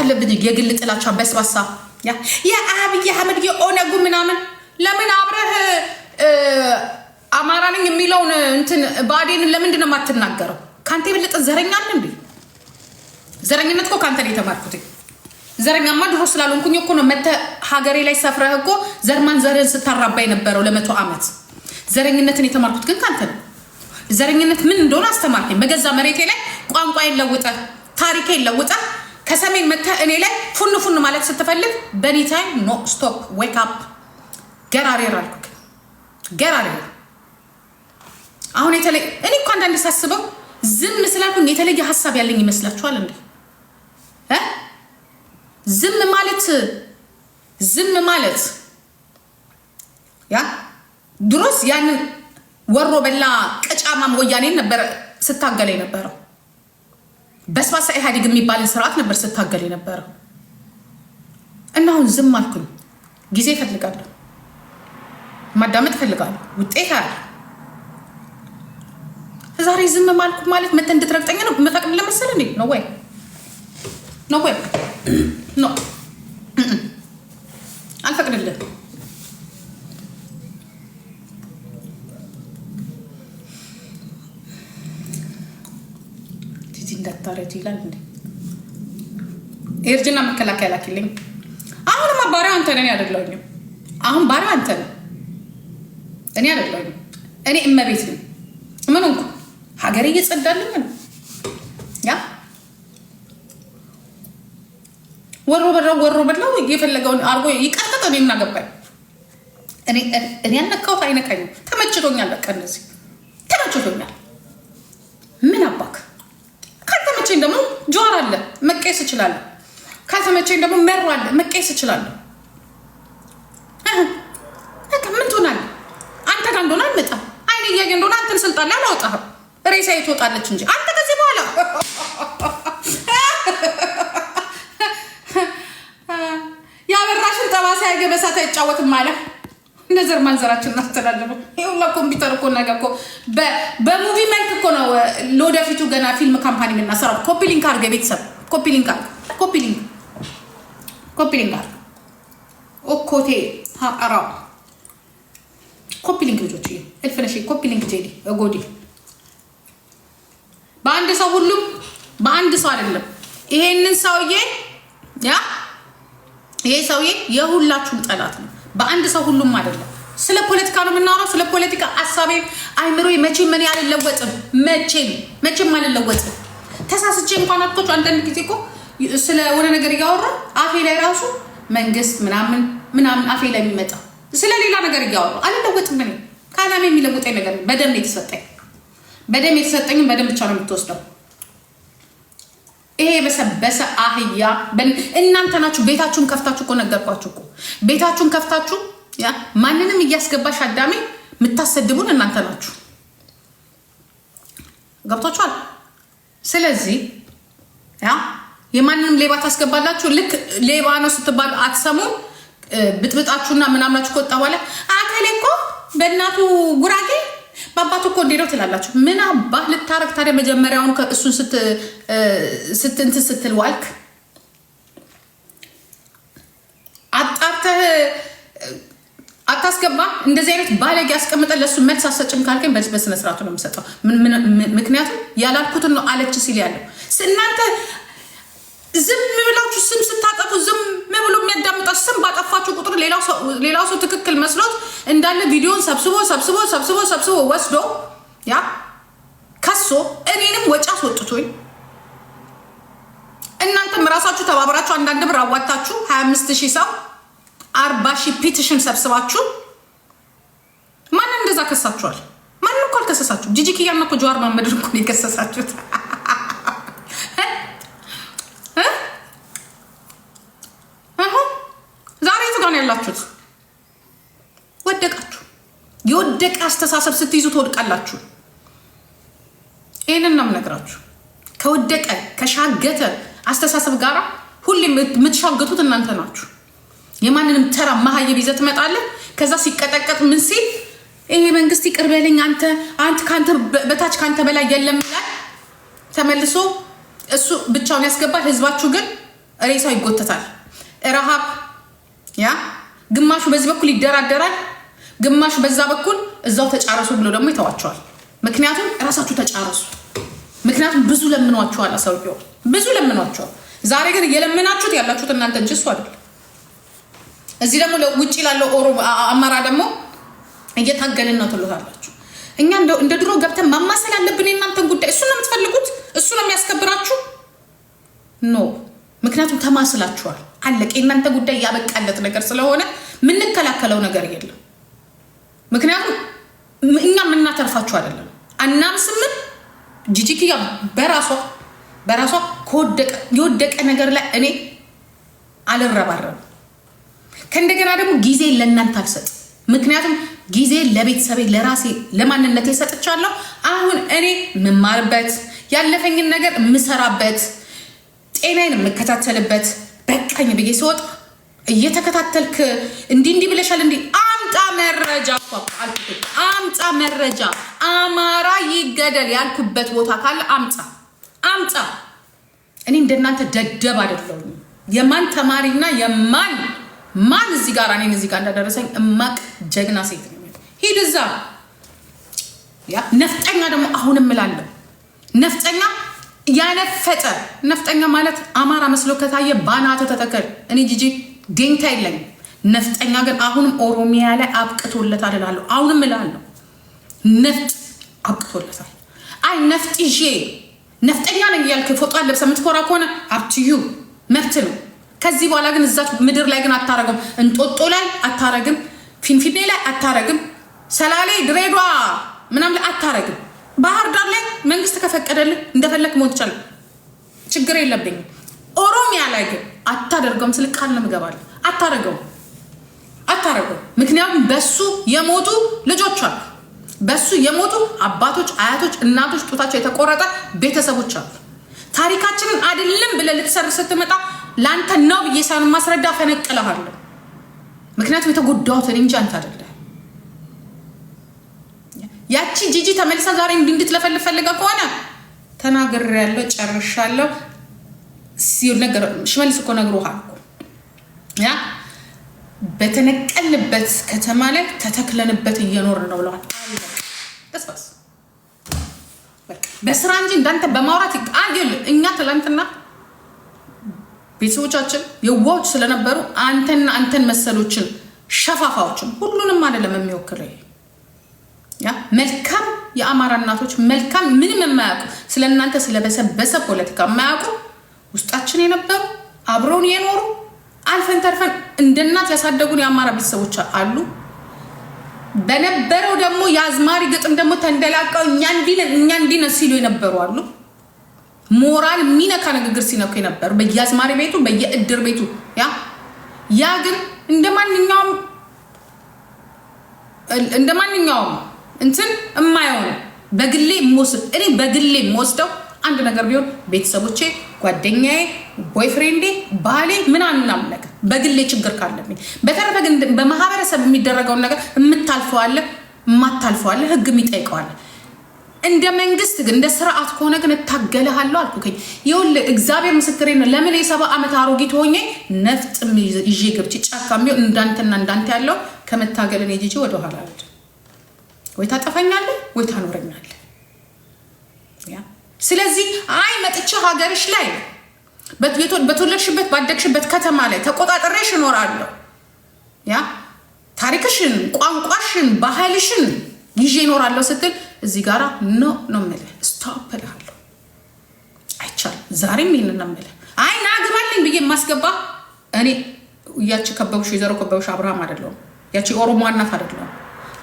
አለብን። የግል ጥላቻ በስባሳ የአብይ አህመድ የኦነጉ ምናምን ለምን አብረህ አማራ ነኝ የሚለውን እንትን ብአዴን ለምንድን ነው የማትናገረው? ከአንተ የበለጠ ዘረኛ አለ እንዴ? ዘረኝነት እኮ ከአንተ ነው የተማርኩት። ዘረኛማ ድሮ ስላልሆንኩኝ እኮ ነው መተ ሀገሬ ላይ ሰፍረህ እኮ ዘርማን ዘርህን ስታራባ የነበረው ለመቶ ዓመት ዘረኝነትን የተማርኩት ግን ከአንተ ነው። ዘረኝነት ምን እንደሆነ አስተማርከኝ በገዛ መሬቴ ላይ ቋንቋ የለውጠ ታሪኬ የለውጠ ከሰሜን መተ እኔ ላይ ፉን ፉን ማለት ስትፈልግ በኒ ታይም ኖ ስቶፕ ዌክ አፕ ገራሬር አልኩ ገራሬር። አሁን የተለየ እኔ እኮ አንዳንድ ሳስበው ዝም ስላልኩኝ የተለየ ሀሳብ ያለኝ ይመስላችኋል እንዴ? ዝም ማለት ዝም ማለት ያ ድሮስ ያንን ወሮ በላ ቀጫማም ወያኔን ነበረ ስታገለ የነበረው በስማሳ ኢህአዴግ የሚባልን ስርዓት ነበር ስታገል የነበረ እና አሁን ዝም አልኩኝ። ጊዜ እፈልጋለሁ፣ ማዳመጥ እፈልጋለሁ። ውጤት አለ። ዛሬ ዝም ማልኩ ማለት መተ እንድትረግጠኝ ነው የምፈቅድ ለመሰለህ? ነው ወይ ነው ወይ ነው ልጅ ይላል እንዴ? የእርጅና መከላከያ ላኪልኝ። አሁንማ ባሪያው አንተ ነህ፣ እኔ አይደለሁኝም። አሁን ባሪያው አንተ ነህ፣ እኔ አይደለሁኝም። እኔ እመቤት ነኝ። ምን እንኳ ሀገሬ እየጸዳልኝ ነው። ያ ወሮ በላው ወሮ በላው አርጎ እኔ ያነካሁት ተመችቶኛል። በቃ እነዚህ ተመችቶኛል። ከተመቸኝ ደግሞ ጆር አለ መቀየስ እችላለሁ። ከተመቸኝ ደግሞ መሮ አለ መቀየስ እችላለሁ። ምን ትሆናለህ አንተ ጋር እንደሆነ አልመጣም። አይን እያየ እንደሆነ አንተን ስልጣን ላይ አላወጣህም። ሬሳዬ ትወጣለች እንጂ አንተ ከዚህ በኋላ ያበራሽን ጠባሳ ያገበሳት አይጫወትም አለ ነዘር ማንዘራችን እናስተላለፈ ይሁላ ኮምፒውተር እኮ ነገ እኮ በሙቪ መልክ እኮ ነው። ለወደፊቱ ገና ፊልም ካምፓኒ የምናሰራው ኮፒ ሊንክ አድርገ ቤተሰብ ኮፒ ሊንክ አድርገ ኮፒ ሊንክ ኮፒ ሊንክ አድርገ ኦኮቴ አራ ኮፒ ሊንክ ልጆች እልፍነሽ ኮፒ ሊንክ ጄዲ ጎዴ በአንድ ሰው ሁሉም በአንድ ሰው አይደለም። ይሄንን ሰውዬ ያ ይሄ ሰውዬ የሁላችሁም ጠላት ነው። በአንድ ሰው ሁሉም አይደለም። ስለ ፖለቲካ ነው የምናወራው። ስለ ፖለቲካ አሳቤ አይምሮ መቼም ምን አልለወጥም። መቼም መቼም አልለወጥም። ተሳስቼ እንኳን አቶች አንዳንድ ጊዜ እኮ ስለሆነ ነገር እያወራ አፌ ላይ ራሱ መንግስት ምናምን ምናምን አፌ ላይ የሚመጣ ስለሌላ ነገር እያወራ አልለወጥም። ምን ከዓላማ የሚለውጠኝ ነገር በደም የተሰጠኝ በደም የተሰጠኝም በደም ብቻ ነው የምትወስደው። ይሄ የበሰበሰ አህያ እናንተ ናችሁ። ቤታችሁን ከፍታችሁ እኮ ነገርኳችሁ እኮ ቤታችሁን ከፍታችሁ ማንንም እያስገባሽ አዳሜ የምታሰድቡን እናንተ ናችሁ። ገብቷችኋል? ስለዚህ የማንንም ሌባ ታስገባላችሁ። ልክ ሌባ ነው ስትባል አትሰሙም። ብጥብጣችሁና ምናምናችሁ ከወጣ በኋላ አከሌ እኮ በእናቱ ጉራጌ አባት እኮ እንዴ ነው ትላላችሁ። ምን አባ ልታረግ ታዲያ? መጀመሪያውን እሱን ስትንት ስትል ዋልክ አታስገባ። እንደዚህ አይነት ባለጌ አስቀምጠን ለእሱ መልስ አሰጭም ካልከኝ በስነስርዓቱ ነው የምሰጠው። ምክንያቱም ያላልኩትን ነው አለች ሲል ያለው እናንተ ዝም ብላችሁ ስም ስታጠፉ ዝም ብሎ የሚያዳምጣችሁ ስም ባጠፋችሁ ቁጥር ሌላው ሰው ትክክል መስሎት እንዳለ ቪዲዮን ሰብስቦ ሰብስቦ ሰብስቦ ሰብስቦ ወስዶ ያ ከሶ እኔንም ወጪ አስወጥቶኝ እናንተም ራሳችሁ ተባብራችሁ አንዳንድ ብር አዋታችሁ 25 ሺህ ሰው 40 ሺህ ፒቲሽን ሰብስባችሁ ማንም እንደዛ ከሳችኋል። ማንም እኮ አልከሰሳችሁ። ጂጂክያና እኮ ጀዋር መሐመድን እኮ የከሰሳችሁት። ትልቅ አስተሳሰብ ስትይዙ ትወድቃላችሁ። ይህንን ነው የምነግራችሁ። ከወደቀ ከሻገተ አስተሳሰብ ጋር ሁሌም የምትሻገቱት እናንተ ናችሁ። የማንንም ተራ መሀየብ ይዘህ ትመጣለህ። ከዛ ሲቀጠቀጥ ምን ሲል ይሄ መንግስት ይቅር በለኝ አንተ አንተ ከአንተ በታች ከአንተ በላይ የለም ይላል። ተመልሶ እሱ ብቻውን ያስገባል። ህዝባችሁ ግን ሬሳው ይጎተታል። ረሃብ ያ ግማሹ በዚህ በኩል ይደራደራል ግማሽ በዛ በኩል እዛው ተጫረሱ ብሎ ደግሞ ይተዋቸዋል። ምክንያቱም እራሳችሁ ተጫረሱ። ምክንያቱም ብዙ ለምኗቸዋል፣ ሰውየው ብዙ ለምኗቸዋል። ዛሬ ግን እየለመናችሁት ያላችሁት እናንተ እንጂ እሱ አይደል። እዚህ ደግሞ ውጭ ላለው ኦሮ አማራ ደግሞ እየታገልን ነው ትሎታላችሁ። እኛ እንደ ድሮ ገብተን ማማሰል አለብን የእናንተን ጉዳይ። እሱ ነው የምትፈልጉት፣ እሱ ነው የሚያስከብራችሁ። ኖ ምክንያቱም ተማስላችኋል። አለቀ። የእናንተ ጉዳይ ያበቃለት ነገር ስለሆነ የምንከላከለው ነገር የለም። ምክንያቱም እኛ የምናተርፋችሁ አይደለም። አናምስምን ጂጂኪያ በራሷ በራሷ የወደቀ ነገር ላይ እኔ አልረባረብም። ከእንደገና ደግሞ ጊዜ ለእናንተ አልሰጥ ምክንያቱም ጊዜ ለቤተሰቤ፣ ለራሴ፣ ለማንነቴ ሰጥቻለሁ። አሁን እኔ የምማርበት ያለፈኝን ነገር የምሰራበት ጤናዬን የምከታተልበት በቃኝ ብዬ ስወጣ እየተከታተልክ እንዲህ እንዲህ ብለሻል እንዲህ አምጣ መረጃ አምጣ መረጃ። አማራ ይገደል ያልኩበት ቦታ ካለ አምጣ አምጣ። እኔ እንደናንተ ደደብ አይደለሁም። የማን ተማሪና የማን ማን እዚህ ጋር እኔን እዚህ ጋር እንዳደረሰኝ እማቅ ጀግና ሴት ነው። ሂድ እዛ። ነፍጠኛ ደግሞ አሁንም እላለሁ ነፍጠኛ ያነፈጠ ነፍጠኛ ማለት አማራ መስሎ ከታየ ባናተ ተተከል። እኔ ጂጂ ጌኝታ የለኝም። ነፍጠኛ ግን አሁንም ኦሮሚያ ላይ አብቅቶለታል እላለሁ። አሁንም እላለሁ ነፍጥ አብቅቶለታል። አይ ነፍጥ ይዤ ነፍጠኛ ነኝ እያልክ ፎጦ ለብሰህ የምትኮራ ከሆነ አብትዩ መብት ነው። ከዚህ በኋላ ግን እዛች ምድር ላይ ግን አታረግም። እንጦጦ ላይ አታረግም። ፊንፊኔ ላይ አታረግም። ሰላሌ፣ ድሬዷ ምናም ላይ አታረግም። ባህር ዳር ላይ መንግስት ከፈቀደል እንደፈለክ ሞት ትችላለህ። ችግር የለብኝም። ኦሮሚያ ላይ ግን አታደርገውም ስልቃል ቃል ነው አታደርገውም አታረጉ። ምክንያቱም በሱ የሞቱ ልጆች አሉ። በሱ የሞቱ አባቶች፣ አያቶች፣ እናቶች ጡታቸው የተቆረጠ ቤተሰቦች አሉ። ታሪካችንን አይደለም ብለህ ልትሰር ስትመጣ ለአንተ ነው ብዬ ሳን ማስረዳ ፈነቅለሃለሁ። ምክንያቱም የተጎዳሁት እንጂ አንተ አደለ። ያቺ ጂጂ ተመልሳ ዛሬ እንድትለፈልፍ ፈልጋ ከሆነ ተናግሬያለሁ፣ ጨርሻለሁ። ሽመልስ እኮ ነግሮሃል ያ በተነ ያለንበት ከተማ ላይ ተተክለንበት እየኖር ነው ብለዋል። በስራ እንጂ እንዳንተ በማውራት እኛ ትላንትና ቤተሰቦቻችን የዋዎች ስለነበሩ አንተና አንተን መሰሎችን ሸፋፋዎችን ሁሉንም አይደለም የሚወክለው ያ መልካም የአማራ እናቶች መልካም ምንም የማያውቁ ስለ እናንተ ስለበሰበሰ ፖለቲካ የማያውቁ ውስጣችን የነበሩ አብረውን የኖሩ አልፈን ተርፈን እንደ እናት ያሳደጉን የአማራ ቤተሰቦች አሉ። በነበረው ደግሞ የአዝማሪ ግጥም ደግሞ ተንደላቀው እኛ እንዲነ ሲሉ የነበሩ አሉ። ሞራል የሚነካ ንግግር ሲነኩ የነበሩ በየአዝማሪ ቤቱ በየእድር ቤቱ ያ ያ ግን እንደ ማንኛውም እንደ ማንኛውም እንትን የማይሆነ በግሌ የምወስድ እኔ በግሌ የምወስደው አንድ ነገር ቢሆን ቤተሰቦቼ፣ ጓደኛዬ፣ ቦይፍሬንዴ፣ ባሌ ምናምናም ነገር በግሌ ችግር ካለብኝ። በተረፈ ግን በማህበረሰብ የሚደረገውን ነገር የምታልፈዋለ የማታልፈዋለ ህግ የሚጠይቀዋለ። እንደ መንግስት ግን እንደ ስርዓት ከሆነ ግን እታገለሃለሁ አልኩኝ። ይኸውልህ እግዚአብሔር ምስክሬ ነው። ለምን የሰባ ዓመት አሮጊት ሆኜ ነፍጥ ይዤ ገብቼ ጫካ የሚሆን እንዳንተና እንዳንተ ያለው ከመታገልን የጂጂ ወደኋላ አለ ወይ ታጠፈኛለህ ወይ ታኖረኛለህ። ስለዚህ አይ መጥቼ ሀገርሽ ላይ በተወለድሽበት ባደግሽበት ከተማ ላይ ተቆጣጠሬሽ እኖራለሁ ያ ታሪክሽን፣ ቋንቋሽን፣ ባህልሽን ይዤ እኖራለሁ ስትል እዚህ ጋር ኖ ነው የምልህ። ስቶፕ እልሃለሁ። አይቻልም። ዛሬም ይህን ነው የምልህ። አይ ናግባልኝ ብዬ የማስገባ እኔ ያቺ ከበቡሽ የዘሮ ከበቡሽ አብርሃም አይደለሁም። ያቺ ኦሮሞ እናት አይደለሁም።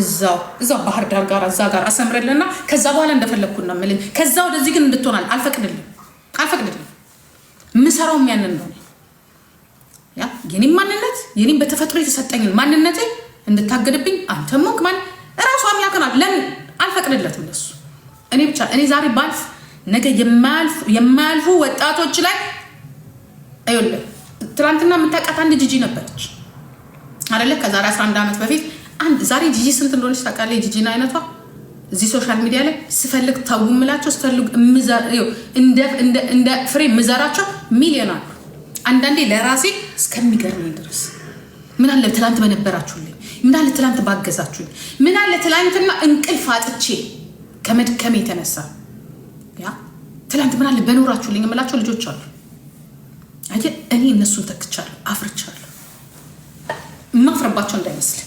እዛው እዛው ባህር ዳር ጋር እዛ ጋር አሰምረልና ከዛ በኋላ እንደፈለግኩ ነው የምልህ። ከዛ ወደዚህ ግን እንድትሆናል አልፈቅድልም፣ አልፈቅድልም። ምሰራውም ያንን ነው። የኔም ማንነት የኔም በተፈጥሮ የተሰጠኝን ማንነቴ እንድታገድብኝ አንተ ሞክ ማን እራሱ አምላክናል። ለምን አልፈቅድለትም? ለሱ እኔ ብቻ እኔ ዛሬ ባልፍ ነገ የማያልፉ ወጣቶች ላይ ትናንትና የምታውቃት አንድ ጂጂ ነበረች አደለ? ከዛሬ 11 ዓመት በፊት ዛሬ ጂጂ ስንት እንደሆነች ታውቃለህ? የጂጂን አይነቷ እዚህ ሶሻል ሚዲያ ላይ ስፈልግ ተው የምላቸው ስፈልግ እንደ ፍሬ ምዘራቸው ሚሊዮን አሉ። አንዳንዴ ለራሴ እስከሚገርመኝ ድረስ ምን አለ ትላንት በነበራችሁልኝ፣ ምን አለ ትላንት ባገዛችሁኝ፣ ምን አለ ትላንትና እንቅልፍ አጥቼ ከመድከም የተነሳ ያ ትላንት ምን አለ በኖራችሁልኝ የምላቸው ልጆች አሉ። አየህ እኔ እነሱን ተክቻለሁ፣ አፍርቻለሁ። ማፍረባቸው እንዳይመስል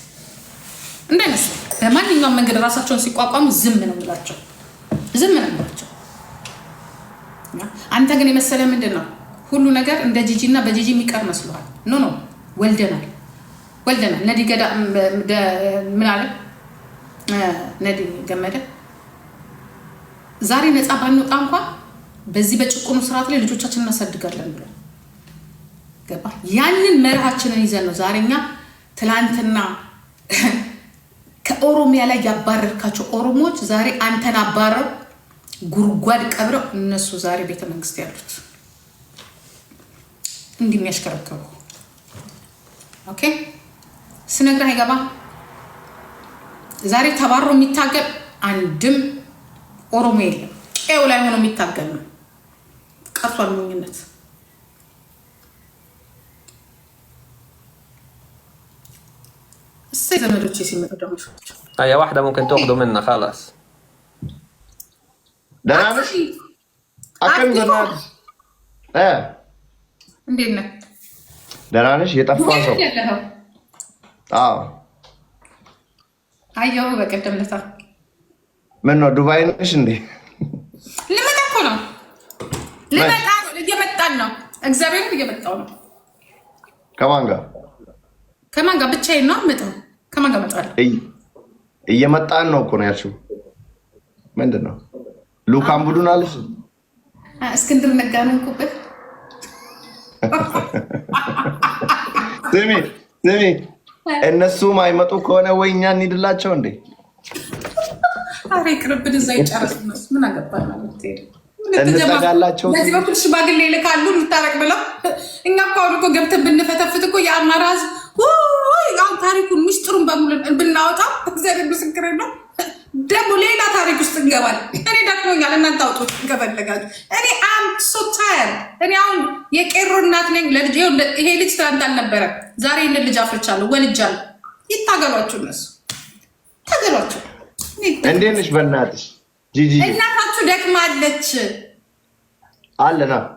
እንደነሱ በማንኛውም መንገድ ራሳቸውን ሲቋቋሙ ዝም ነው ምላቸው፣ ዝም ነው ምላቸው። አንተ ግን የመሰለ ምንድን ነው ሁሉ ነገር እንደ ጂጂ እና በጂጂ የሚቀር መስሏል። ኖ ኖ፣ ወልደናል፣ ወልደናል። ነዲ ገዳ ምን አለ ነዲ ገመደ ዛሬ ነፃ ባንወጣ እንኳን በዚህ በጭቁኑ ስርዓት ላይ ልጆቻችን እናሳድጋለን ብሎ ገባ። ያንን መርሃችንን ይዘን ነው ዛሬኛ ትላንትና ከኦሮሚያ ላይ ያባረርካቸው ኦሮሞዎች ዛሬ አንተን አባረው ጉድጓድ ቀብረው እነሱ ዛሬ ቤተ መንግስት ያሉት እንደሚያሽከረከሩ ኦኬ ስነግር አይገባ። ዛሬ ተባሮ የሚታገል አንድም ኦሮሞ የለም። ቄው ላይ ሆኖ የሚታገል ነው። ቀርቷል ሞኝነት اي ست زمدوتشي سيمتو دوم يفوتش اي واحده ممكن تاخده منا خلاص ده انا مش اكم زمان ايه عندنا دراريش يطفى صوت اه هاي أيوة، يوم بقى كتب لسا منو دبي نش اندي لما تاكلو لما تاكلو اللي جبتانا اكزابيرو اللي جبتانا كمانجا كمانجا بتشي نو متو ከማን ጋር እየመጣን ነው እኮ ነው ያልሽው። ምንድን ነው ቡድን አለሽ? እስክንድር ነጋ ነው ስሚ ስሚ፣ አይመጡ ከሆነ ወይ እኛ እንሂድላቸው እንዴ? ይቅርብን፣ እዛ እነሱ ምን አገባን ማለት እንዘጋላቸው በዚህ በኩል ሽማግሌ ይልካሉ፣ እንታረቅ ብለው። እኛ እኮ አሁን እኮ ገብተን ብንፈተፍት እኮ የአማራ ህዝብ ስለዚህ አሁን ታሪኩን ምስጢሩን በሙሉ ብናወጣ እግዚአብሔር ምስክር ነው። ደግሞ ሌላ ታሪክ ውስጥ እንገባል። እኔ ደክሞኛል፣ እናንተ አውጡት ከፈለጋችሁ። እኔ አም ሶ ታየርድ። እኔ አሁን የቄሮ እናት ነኝ። ለልጅ ይሄ ልጅ ትናንት አልነበረም፣ ዛሬ ይህንን ልጅ አፍርቻለሁ፣ ወልጃለሁ። ይታገሏችሁ፣ እነሱ ታገሏችሁ። እንዴት ነሽ? በእናትሽ እናታችሁ ደክማለች አለና